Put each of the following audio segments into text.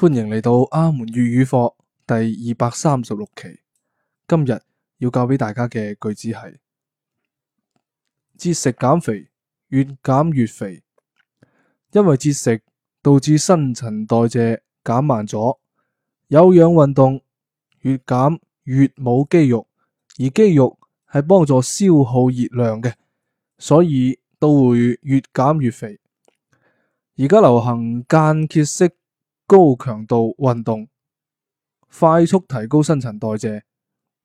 歡迎嚟到阿門粵語課第二百三十六期。今日要教俾大家嘅句子係：節食減肥，越減越肥，因為節食導致新陳代謝減慢咗，有氧運動越減越冇肌肉，而肌肉係幫助消耗熱量嘅，所以都會越減越肥。而家流行間歇式。高強度運動，快速提高新陳代謝，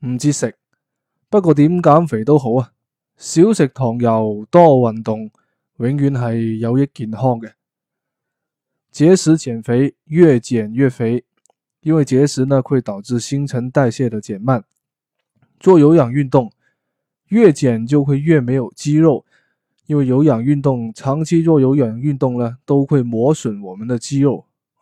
唔節食。不過點減肥都好啊，少食糖油多運動，永遠係有益健康嘅。節食減肥越減越肥，因為節食呢會導致新陳代謝的減慢。做有氧運動越減就會越沒有肌肉，因為有氧運動長期做有氧運動呢都會磨損我們的肌肉。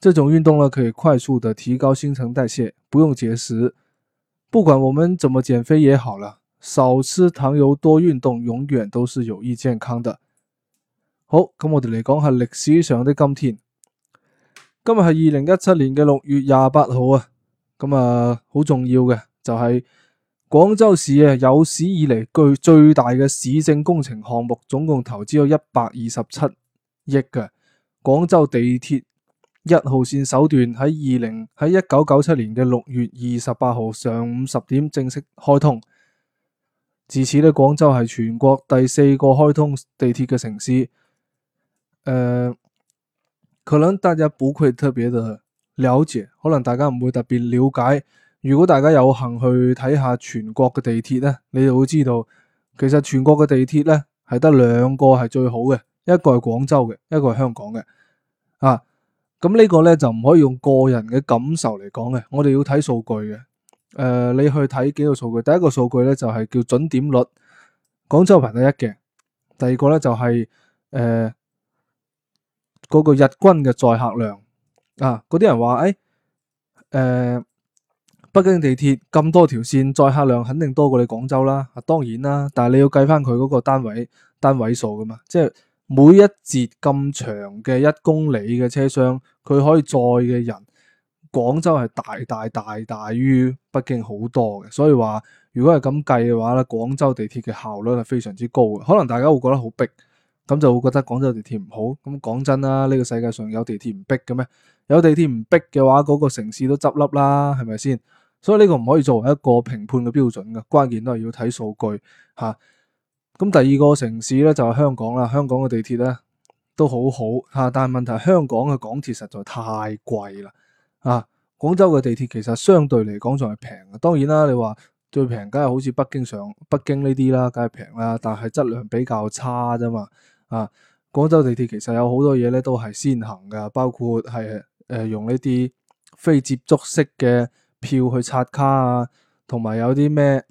這種運動呢，可以快速的提高新陳代謝，不用節食。不管我們怎麼減肥也好了，少吃糖油，多運動，永遠都是有益健康的。好，咁我哋嚟講下歷史上的今天，今日係二零一七年嘅六月廿八號啊。咁啊，好重要嘅就係廣州市啊有史以嚟巨最大嘅市政工程項目，總共投資有一百二十七億嘅廣州地鐵。一號線首段喺二零喺一九九七年嘅六月二十八號上午十點正式開通，自此呢，廣州係全國第四個開通地鐵嘅城市。誒、呃，可能大家不會特別的了解，可能大家唔會特別了解。如果大家有幸去睇下全國嘅地鐵呢，你就會知道，其實全國嘅地鐵呢，係得兩個係最好嘅，一個係廣州嘅，一個係香港嘅啊。咁呢個咧就唔可以用個人嘅感受嚟講嘅，我哋要睇數據嘅。誒、呃，你去睇幾個數據，第一個數據咧就係、係、叫準點率，廣州排第一嘅。第二個咧就係誒嗰個日均嘅載客量啊。嗰啲人話，誒、哎、誒、呃，北京地鐵咁多條線，載客量肯定多過你廣州啦。啊，當然啦，但係你要計翻佢嗰個單位單位數㗎嘛，即係。每一節咁長嘅一公里嘅車廂，佢可以載嘅人，廣州係大大大大於北京好多嘅，所以話如果係咁計嘅話咧，廣州地鐵嘅效率係非常之高嘅。可能大家會覺得好逼，咁就會覺得廣州地鐵唔好。咁講真啦，呢個世界上有地鐵唔逼嘅咩？有地鐵唔逼嘅話，嗰個城市都執笠啦，係咪先？所以呢個唔可以作為一個評判嘅標準嘅，關鍵都係要睇數據吓。啊咁第二個城市咧就係、是、香港啦，香港嘅地鐵咧都好好吓、啊，但係問題香港嘅港鐵實在太貴啦啊！廣州嘅地鐵其實相對嚟講仲係平嘅，當然啦，你話最平梗係好似北京上北京呢啲啦，梗係平啦，但係質量比較差啫嘛啊！廣州地鐵其實有好多嘢咧都係先行噶，包括係誒、呃、用呢啲非接觸式嘅票去刷卡啊，同埋有啲咩？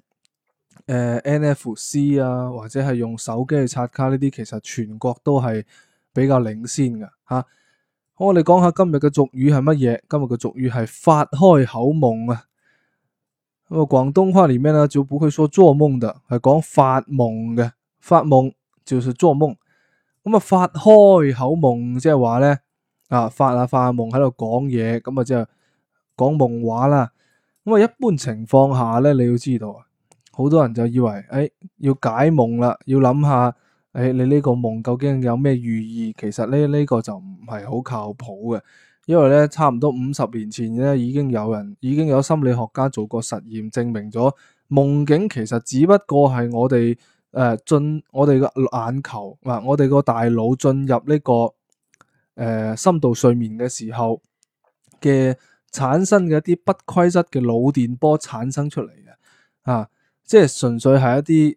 誒、呃、NFC 啊，或者係用手機去刷卡呢啲，其實全國都係比較領先噶吓、啊。好，我哋講下今日嘅俗語係乜嘢？今日嘅俗語係發開口夢啊。咁、嗯、啊，廣東話裏面呢，就不會說做夢的，係講發夢嘅。發夢就是做夢。咁、嗯、啊，發開口夢即係話咧啊，發啊發啊夢喺度講嘢，咁啊即係講夢話啦。咁、嗯、啊，一般情況下咧，你要知道啊。好多人就以為，誒、哎、要解夢啦，要諗下，誒、哎、你呢個夢究竟有咩寓意？其實呢呢、呢個就唔係好靠譜嘅，因為咧，差唔多五十年前咧，已經有人已經有心理學家做過實驗，證明咗夢境其實只不過係我哋誒進我哋個眼球，嗱、呃、我哋、個大腦進入呢個誒深度睡眠嘅時候嘅產生嘅一啲不規則嘅腦電波產生出嚟嘅啊。即係純粹係一啲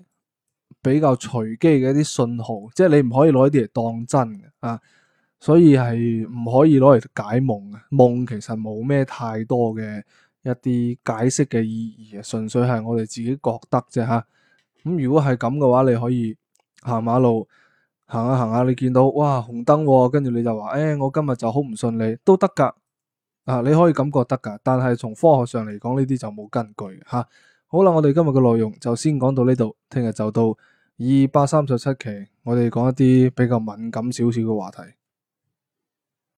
比較隨機嘅一啲信號，即係你唔可以攞呢啲嚟當真嘅啊，所以係唔可以攞嚟解夢嘅。夢其實冇咩太多嘅一啲解釋嘅意義，純粹係我哋自己覺得啫吓。咁、啊、如果係咁嘅話，你可以行馬、啊、路行下行下，你見到哇紅燈、啊，跟住你就話誒、欸，我今日就好唔順利，都得噶啊，你可以咁覺得噶。但係從科學上嚟講，呢啲就冇根據吓。啊好啦，我哋今日嘅內容就先講到呢度，聽日就到二百三十七期，我哋講一啲比較敏感少少嘅話題。